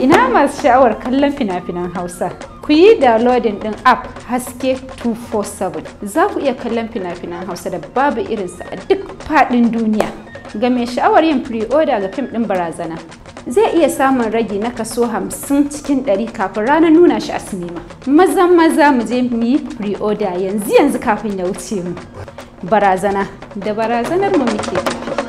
Ina masu sha'awar kallon fina-finan Hausa? Ku yi downloading ɗin app Haske 247. Za ku iya kallon fina-finan Hausa da babu irinsa a duk faɗin duniya. Ga mai sha'awar yin pre-order ga fim ɗin barazana. Zai iya samun ragi na kaso 50 cikin 100 kafin ranar nuna shi a sinima. Maza maza mu je mu yi pre-order yanzu yanzu kafin ya wuce mu. Barazana da barazanar mu muke tafi.